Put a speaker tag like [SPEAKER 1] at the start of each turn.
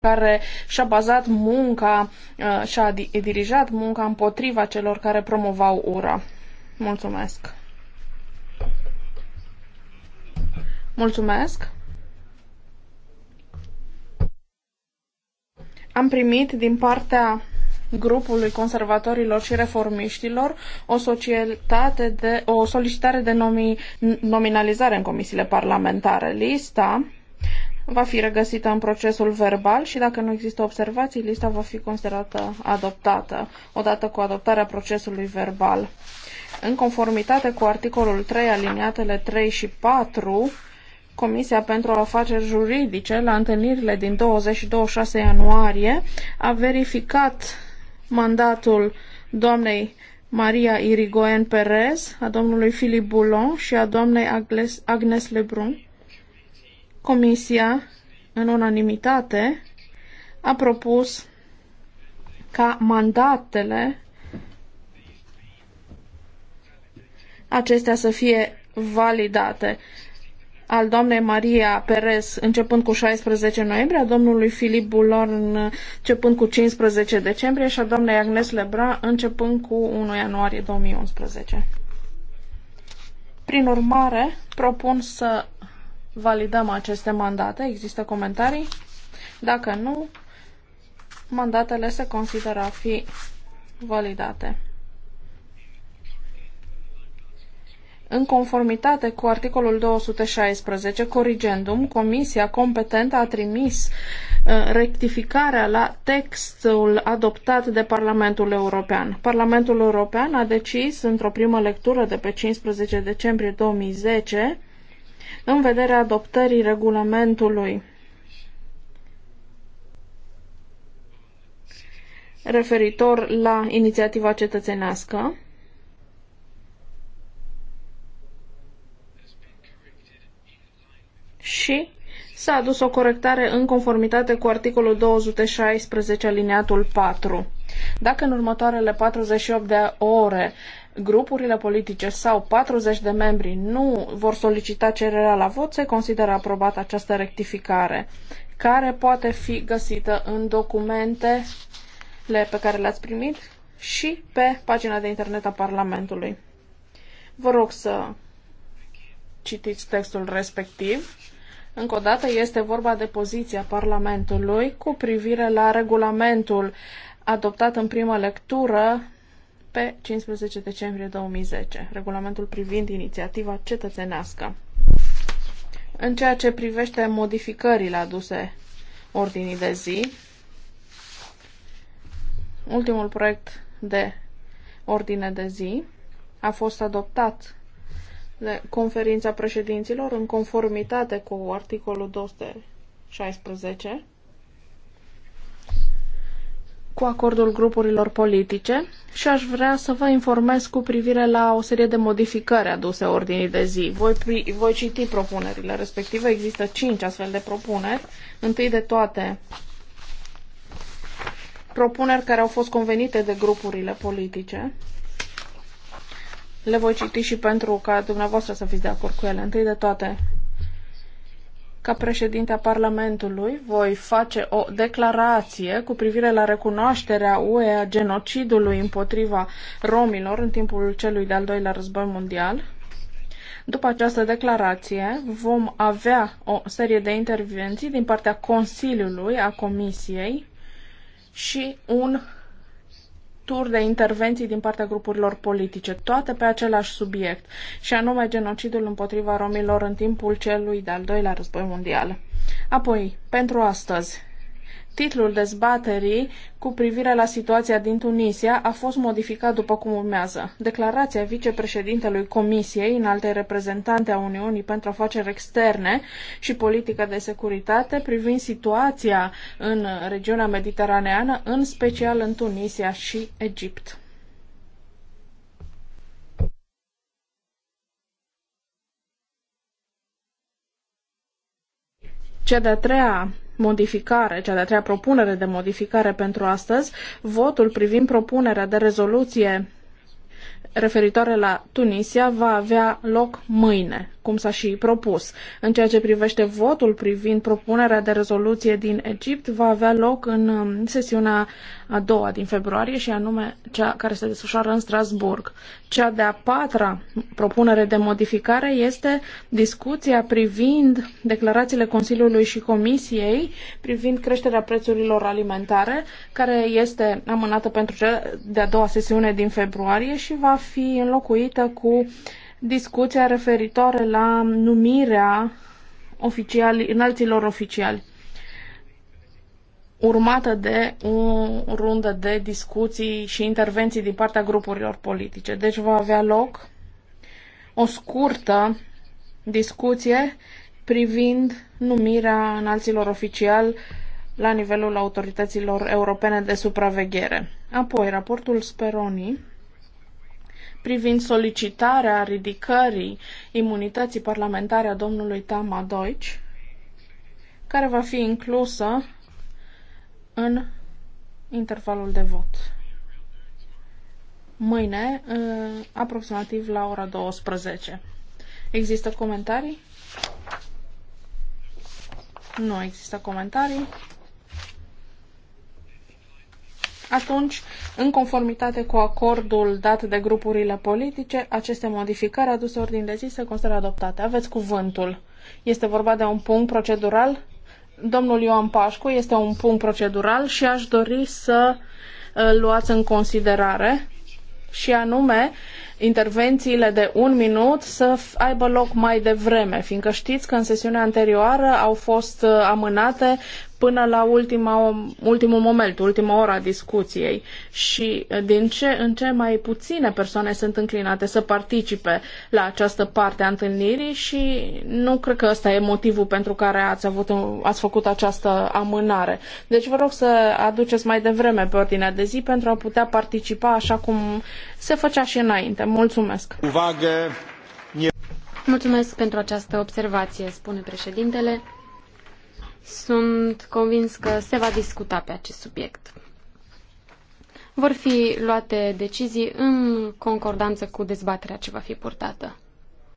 [SPEAKER 1] care și-a bazat munca, uh, și-a dirijat munca împotriva celor care promovau ura. Mulțumesc! Mulțumesc! Am primit din partea grupului conservatorilor și reformiștilor o, societate de, o solicitare de nomi, nominalizare în comisiile parlamentare. Lista va fi regăsită în procesul verbal și dacă nu există observații, lista va fi considerată adoptată, odată cu adoptarea procesului verbal. În conformitate cu articolul 3, aliniatele 3 și 4, Comisia pentru Afaceri Juridice, la întâlnirile din 20 și 26 ianuarie, a verificat mandatul doamnei Maria Irigoen Perez, a domnului Philippe Boulon și a doamnei Agnes Lebrun Comisia, în unanimitate, a propus ca mandatele acestea să fie validate al doamnei Maria Perez începând cu 16 noiembrie, a domnului Filip Bulor, începând cu 15 decembrie și a doamnei Agnes Lebra începând cu 1 ianuarie 2011. Prin urmare, propun să validăm aceste mandate. Există comentarii? Dacă nu, mandatele se consideră a fi validate. În conformitate cu articolul 216, corigendum, comisia competentă a trimis uh, rectificarea la textul adoptat de Parlamentul European. Parlamentul European a decis într-o primă lectură de pe 15 decembrie 2010 în vederea adoptării regulamentului referitor la inițiativa cetățenească. Și s-a adus o corectare în conformitate cu articolul 216 aliniatul 4. Dacă în următoarele 48 de ore grupurile politice sau 40 de membri nu vor solicita cererea la vot, se consideră aprobată această rectificare, care poate fi găsită în documentele pe care le-ați primit și pe pagina de internet a Parlamentului. Vă rog să citiți textul respectiv. Încă o dată este vorba de poziția Parlamentului cu privire la regulamentul adoptat în prima lectură pe 15 decembrie 2010, regulamentul privind inițiativa cetățenească. În ceea ce privește modificările aduse ordinii de zi, ultimul proiect de ordine de zi a fost adoptat de conferința președinților în conformitate cu articolul 216 cu acordul grupurilor politice și aș vrea să vă informez cu privire la o serie de modificări aduse ordinii de zi. Voi, voi citi propunerile respective, există cinci astfel de propuneri. Întâi de toate, propuneri care au fost convenite de grupurile politice. Le voi citi și pentru ca dumneavoastră să fiți de acord cu ele. Întâi de toate, ca președinte a Parlamentului, voi face o declarație cu privire la recunoașterea UE a genocidului împotriva romilor în timpul celui de-al doilea război mondial. După această declarație, vom avea o serie de intervenții din partea Consiliului, a Comisiei și un tur de intervenții din partea grupurilor politice, toate pe același subiect, și anume genocidul împotriva romilor în timpul celui de-al doilea război mondial. Apoi, pentru astăzi, Titlul dezbaterii cu privire la situația din Tunisia a fost modificat după cum urmează. Declarația vicepreședintelui Comisiei, în alte reprezentante a Uniunii pentru afaceri externe și politică de securitate privind situația în regiunea mediteraneană, în special în Tunisia și Egipt. Cea de-a treia modificare, cea de-a treia propunere de modificare pentru astăzi, votul privind propunerea de rezoluție referitoare la Tunisia va avea loc mâine, cum s-a și propus. În ceea ce privește votul privind propunerea de rezoluție din Egipt, va avea loc în um, sesiunea a doua din februarie și anume cea care se desfășoară în Strasburg. Cea de-a patra propunere de modificare este discuția privind declarațiile Consiliului și Comisiei privind creșterea prețurilor alimentare, care este amânată pentru cea de-a doua sesiune din februarie și va fi înlocuită cu discuția referitoare la numirea oficiali, înalților oficiali, urmată de o rundă de discuții și intervenții din partea grupurilor politice. Deci va avea loc o scurtă discuție privind numirea înalților oficiali la nivelul autorităților europene de supraveghere. Apoi, raportul Speroni privind solicitarea ridicării imunității parlamentare a domnului Tama Deutsch, care va fi inclusă în intervalul de vot. Mâine, ă, aproximativ la ora 12. Există comentarii? Nu există comentarii. Atunci, în conformitate cu acordul dat de grupurile politice, aceste modificări aduse ordin de zi se consideră adoptate. Aveți cuvântul. Este vorba de un punct procedural? Domnul Ioan Pașcu, este un punct procedural și aș dori să uh, luați în considerare și anume intervențiile de un minut să aibă loc mai devreme, fiindcă știți că în sesiunea anterioară au fost uh, amânate până la ultima, ultimul moment, ultima ora a discuției și uh, din ce în ce mai puține persoane sunt înclinate să participe la această parte a întâlnirii și nu cred că ăsta e motivul pentru care ați, avut, ați făcut această amânare. Deci vă rog să aduceți mai devreme pe ordinea de zi pentru a putea participa așa cum se făcea și înainte. Mulțumesc! Uvagă. Mulțumesc pentru această observație, spune președintele. Sunt convins că se va discuta pe acest subiect. Vor fi luate decizii în concordanță cu dezbaterea ce va fi purtată.